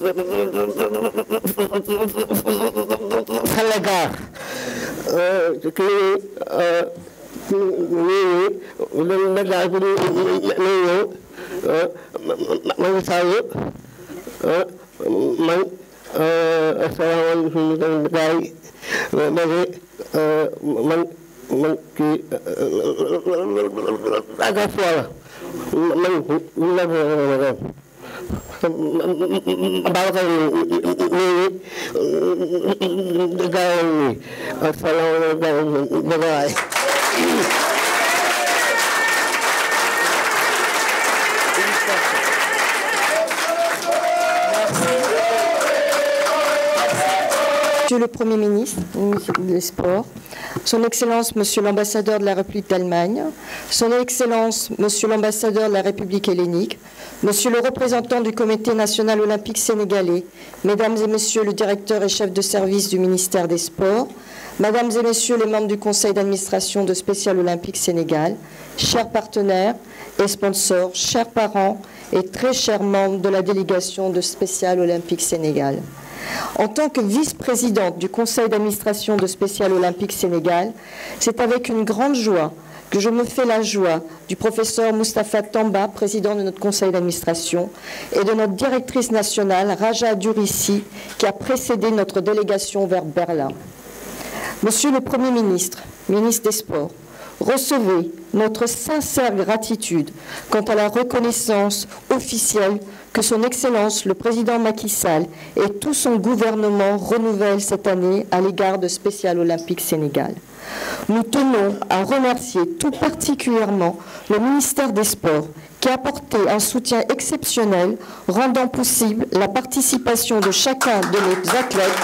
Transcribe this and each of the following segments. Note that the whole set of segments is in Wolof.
Sénégal kii nii Sénégal bi nii ñëw Macky Sall man asalaamaaleykum gars yi man man kii agafo la man Babacar mi ngi gaaw a Monsieur le Premier ministre, ministre des Sports, Son Excellence, Monsieur l'ambassadeur de la République d'Allemagne, Son Excellence, Monsieur l'ambassadeur de la République hellénique, Monsieur le représentant du Comité national olympique sénégalais, Mesdames et Messieurs le directeur et chef de service du ministère des Sports, Mesdames et Messieurs les membres du Conseil d'administration de Spécial Olympique Sénégal, chers partenaires et sponsors, chers parents et très chers la délégation de Spécial Olympique Sénégal. En tant que vice-présidente du conseil d'administration de Spécial Olympique Sénégal, c'est avec une grande joie que je me fais la joie du professeur Mustapha Tamba, président de notre conseil d'administration, et de notre directrice nationale, Raja Durissi, qui a précédé notre délégation vers Berlin. Monsieur le Premier ministre, ministre des Sports, recevez notre sincère gratitude quant à la reconnaissance officielle que son Excellence le Président Macky Sall et tout son gouvernement renouvellent cette année à l'égard de Spécial Olympique Sénégal. Nous tenons à remercier tout particulièrement le ministère des Sports qui a un soutien exceptionnel rendant possible la participation de chacun de nos athlètes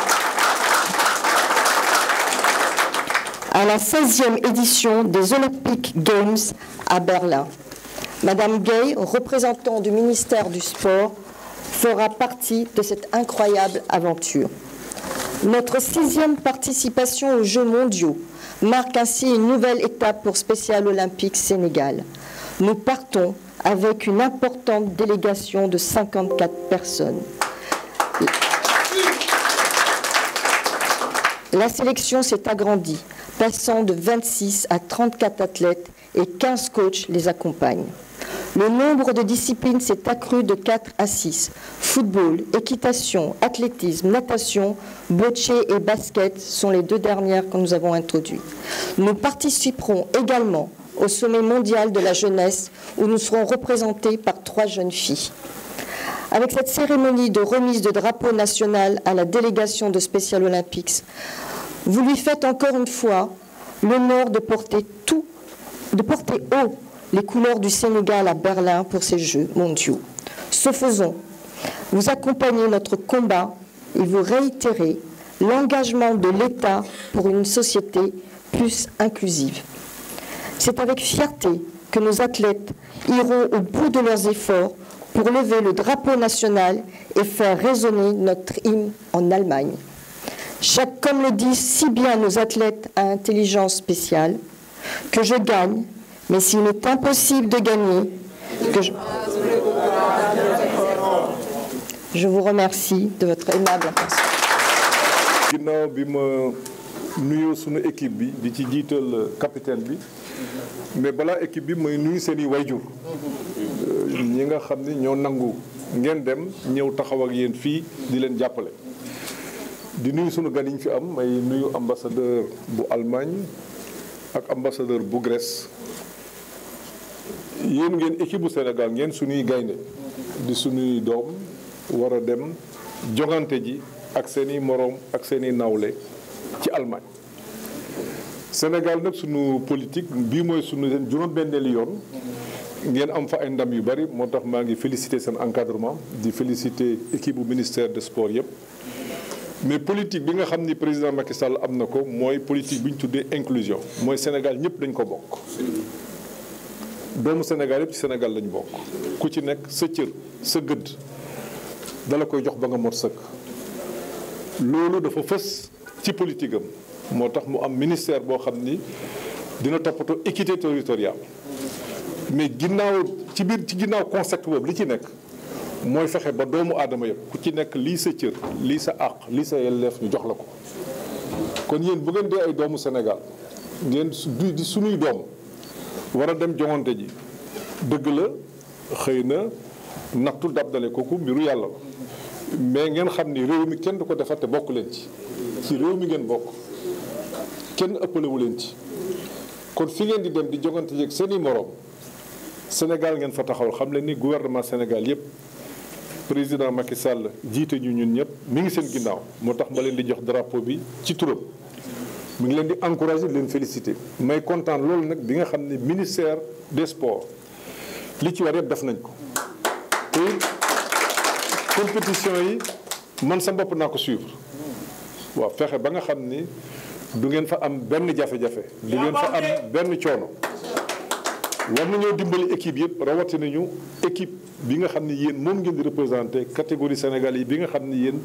à la 16 édition des Olympic Games à Berlin. Madame Gay, représentant du ministère du Sport, fera partie de cette incroyable aventure. Notre sixième participation aux Jeux mondiaux marque ainsi une nouvelle étape pour Spécial Olympique Sénégal. Nous partons avec une importante délégation de 54 personnes. La sélection s'est agrandie, passant de 26 à Le nombre de disciplines s'est accru de 4 à 6. Football, équitation, athlétisme, natation, bocce et basket sont les deux dernières que nous avons introduites. Nous participerons également au sommet mondial de la jeunesse où nous serons représentés par trois jeunes filles. Avec cette cérémonie de remise de drapeau national à la délégation de Special Olympics, vous lui faites encore une fois l'honneur de porter de porter haut les couleurs du Sénégal à Berlin pour ces Jeux mondiaux. Ce faisant, vous accompagnez notre combat et vous réitérez l'engagement de l'État pour une société plus inclusive. C'est avec fierté que nos athlètes iront au bout de leurs efforts pour lever le drapeau national et faire résonner notre hymne en Allemagne. Chaque, comme le disent si bien nos athlètes à intelligence spéciale, que je gagne, Mais s'il est impossible de gagner, que je... je vous remercie de votre aimable attention. ginnaaw bi ma nuyoo sunu équipe bi di ci jiital euh, capitaine bi mais balaa équipe bi may nuyu seen i wayjur euh, ñi nga xam ni ñoo nangu ngeen dem ñëw taxaw ak yéen fii di leen jàppale. di nuyu sunu gan yi fi am may nuyu ambassadeur bu Allemagne ak ambassadeur bu Grèce. yéen ngeen équipe bu Sénégal ngeen suñuy gaynde di suñuy doom war a dem jongante ji ak seeni moroom ak seeni i nawle ci Allemagne Sénégal nag suñu politique bii mooy suñu juróom-benneelu yoon ngeen am fa ay ndam yu bari moo tax maa ngi félicité seen encadrement di félicité équipe bu ministère de sport yëpp mais politique bi nga xam ni président Macky Sall am na ko mooy politique bi ñu tuddee inclusion mooy Sénégal ñëpp dañ ko bokk doomu Sénégal yëpp ci Sénégal lañu bokk ku ci nekk sa cër sa gëdd dala koy jox ba nga mot sëkk loolu dafa fës ci politique moo tax mu am ministère boo xam ni dina toppatoo équité territoriale mais ginnaaw ci biir ci ginnaaw concept boobu li ci nekk mooy fexe ba doomu aadama yëpp ku ci nekk lii sa cër lii sa àq lii sa yelleef ñu jox la ko kon yéen bu ngeen dee ay doomu Sénégal ngeen di suñuy doom war a dem joŋante ji dëgg la xëy na nattu dab dale kooku mbiru yàlla la mais ngeen xam ni réew mi kenn du ko defar te bokk leen ci ci réew mi ngeen bokk kenn ëppalewu leen ci kon fi ngeen di dem di joŋante ji ak seen i morom Sénégal ngeen fa taxawal xam leen ni gouvernement Sénégal yépp président Macky Sall jiite ñu ñun ñëpp mi ngi seen ginnaaw moo tax ma leen di jox drapeau bi ci turam. mu ngi leen di encouragé di leen félicité may kontaan loolu nag bi nga xam ne ministère des sports li ci war yëpp def nañ ko te compétition yi man sa bopp naa ko suivre waaw fexe ba nga xam ni du ngeen fa am benn jafe-jafe du ngeen fa am benn coono war nañoo dimbali équipe yëpp rawatina ñu équipe bi nga xam ni yéen moom ngeen di représenté catégorie Sénégal yi bi nga xam ni yéen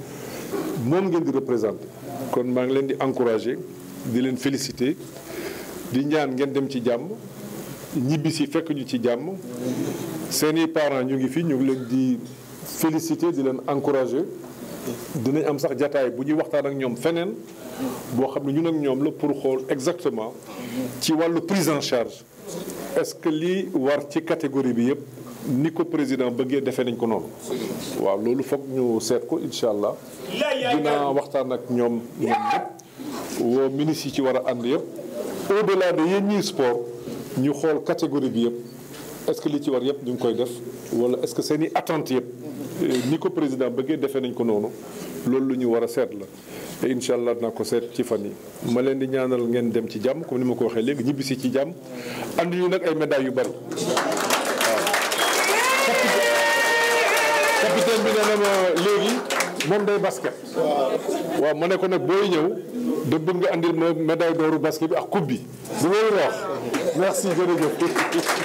moom ngeen di représenté kon maa ngi leen di encouragé di leen félicité di ñaan ngeen dem ci jàmm ñibbi si fekk ci jàmm seeni parents ñu ngi fi ñu ngi leen di félicité di leen encouragé dinañ am sax jataay bu ñuy waxtaan ak ñoom feneen boo xam ne ñu ak ñoom la pour xool exactement ci wàllu prise en charge est-ce que lii war ci catégorie bi yëpp ni ko président bëggee defee nañ ko noonu waaw loolu foog ñu seet ko incha allah dinaa waxtaan ak ñoom ñoom ñëpp woo ministre yi ci war a ànd yëpp au delà de yéen ñii sport ñu xool catégorie bi yëpp est que li ci war yëpp ñu ngi koy def wala est-ce que seen i attentes yëpp euh, ni ko président bëggee defee nañ ko noonu loolu lu ñu war a seet la te incha allah dinaa ko seet ci fan yi ma leen di ñaanal ngeen dem ci jàmm comme ni ma ko waxee léegi ñibbisi ci jàmm andi ñu nag ay médailles yu bari waaw ma léegi moom day basket waaw ma ne ko nag booy ñëw dëbb nga andil ma médaille d'oru basket bi ak coupe bi. bu loolu wax merci jërëjëf.